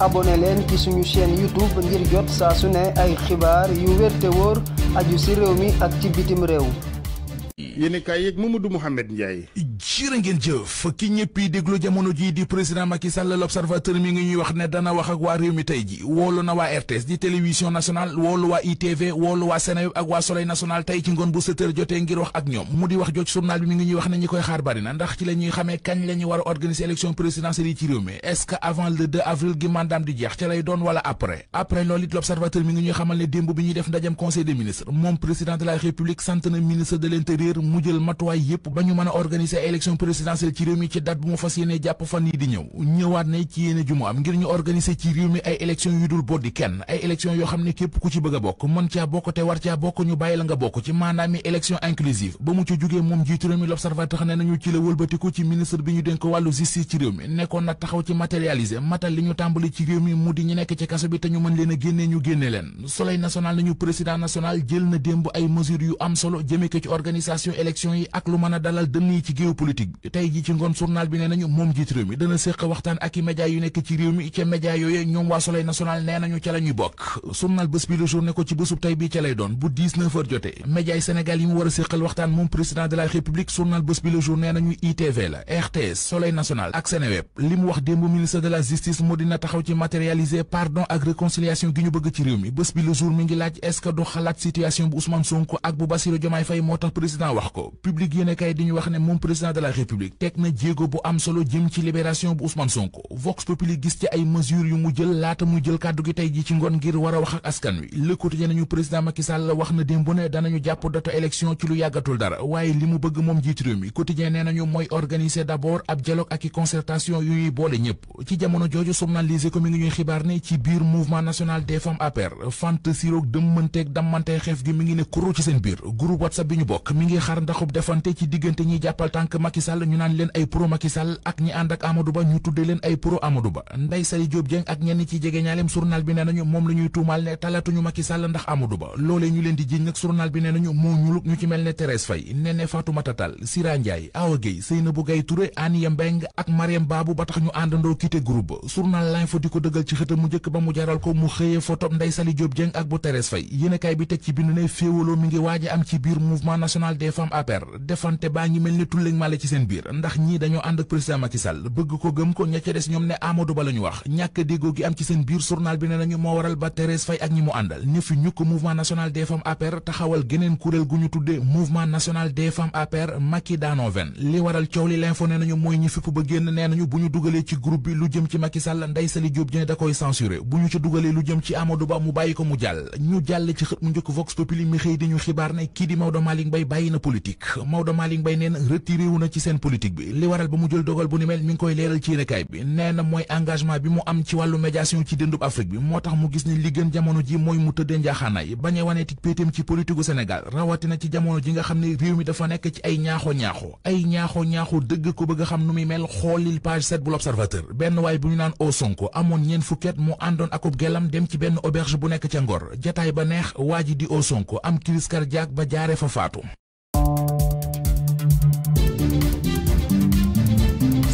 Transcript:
abonné leen ci suñu chaîne YouTube ngir jot saa su ne ay xibaar yu wér te wóor aju ci réew mi ak ci bitim réew. yéen kay yeeg Mamadou Mouhamed Ndiaye. jërë ngeen jëf ki ñëpp yi déglu jamono ji di président Macky Sall l'observateur mi ngi ñuy wax ne dana wax ak waa réew mi tey ji woolu na waa RTS di télévision nationale woolu waa ITV woolu waa Seneweb ak waa Soleil national tey ci ngoon bu sept jotee ngir wax ak ñoom mu di wax jooj journal bi mi ngi ñuy wax ne ñi koy xaar bari ndax ci la ñuy kañ la war a organiser élection présidentielle réew mi est avant le 2 avril gi mandaam di jeex ca élection présidentielle ci réew mi ci date bu mu fas yéene jàpp fan yi di ñëw ñëwaat na ci yéene ju mu ngir ñu organiser ci réew mi ay élection yu dul boddi kenn ay élection yoo xam ne képp ku ci bëgg a bokk mën caa bokk te war caa bokk ñu bàyyi la nga bokk ci maanaam mi élection inclusive ba mu ci jógee moom jiitu mi l'observateur ne nañu ci la wëlbatiku ci ministre bi ñu dénk wàllu justice ci réew mi nekkoon na taxaw ci matérialiser matal li ñu tàmbali ci réew mi mu di ñu nekk ci kaso bi te ñu mën leen a démb ay mesures yu am solo jëmee ko ci organisation élection ak lu a dalal dënn yi ci politique tey ji ci ngoon journal bi nee nañu moom jiit réew mi dana séq waxtaan ak i média yu nekk ci réew mi ca média yooyu ñoom waa Soleil national nee nañu ca la bokk journal bés bi le journée ko ci bésub tey bi ca lay doon bu 19 heures jotee média Sénégal yi mu war séqal waxtaan moom président de la république journal bés bi le jour nee nañu ITV la RTS Soleil national ak Seneweb li mu wax démb ministre de la justice moo dina taxaw ci matérialiser pardon la république teg na jéego bu am solo jëm ci libération bu Ousmane Sonko Vox Populi gis ci ay mesures yu mu jël laata mu jël kàddu gi tey ji ci ngoon ngir war a wax ak askan wi Le Quotidien nañu président Macky wax na démb ne danañu jàpp data élection ci lu yàggatul dara waaye li mu bëgg moom jiit mi Quotidien nee nañu mooy organiser d'abord ab dialogue ak i concertation yu ñuy boole ñëpp ci jamono jooju somnalisé ko mi ngi ñuy xibaar ne ci biir mouvement national Macky Sall ñu di ko dëggal ci xëta mu njëkk ba mu jaral ko mu xëyee photo Ndeye Saly Diop Dieng ak bu Thérèse Faye yéenekaay bi teg ci bind ne féewaloo mi ngi waaj a am ci biir mouvement national des femmes APR defante baa ngi mel ne tulleeg male ci seen biir ndax ñii dañoo ànd ak président Macky bëgg ko gëm ko ña ca ñoom ne Amadou Ba la wax ñàkk déggoo gi am ci seen biir journal bi ne nañu moo waral ba Thérèse Faye ak ñi mu àndal ne fi mouvement national des femmes APR taxawal geneen kuréel gu ñu tuddee mouvement national des femmes APR Macky daanoo ven li waral coow li l'info ne nañu mooy ñi fipp génn nee nañu bu ñu dugalee ci groupe bi lu jëm ci Macky Sall Ndeye Saly Diop da koy Ba ne ci seen politique bi li waral ba mu jël dogal bu ni mel mi ngi koy leeral ci yéenekaay bi nee na mooy engagement bi mu am ci wàllu médiation ci dëndub Afrique bi moo tax mu gis ni li gën jamono ji mooy mu tëddee njaaxaanaay bañ a waneeti péetam ci politique u Sénégal rawatina ci jamono ji nga xam ne réew mi dafa nekk ci ay ñaaxo ñaaxo ay ñaaxo ñaaxo dëgg ko bëgg xam nu muy mel xoolil page 7 bu l'Observateur benn waay bu ñu naan o Sonko amoon ñeen fukket mu àndoon akub gelam dem ci benn auberge bu nekk Ngor jataay ba waa ji di o Sonko am crise cardiaque ba jaare fa faatu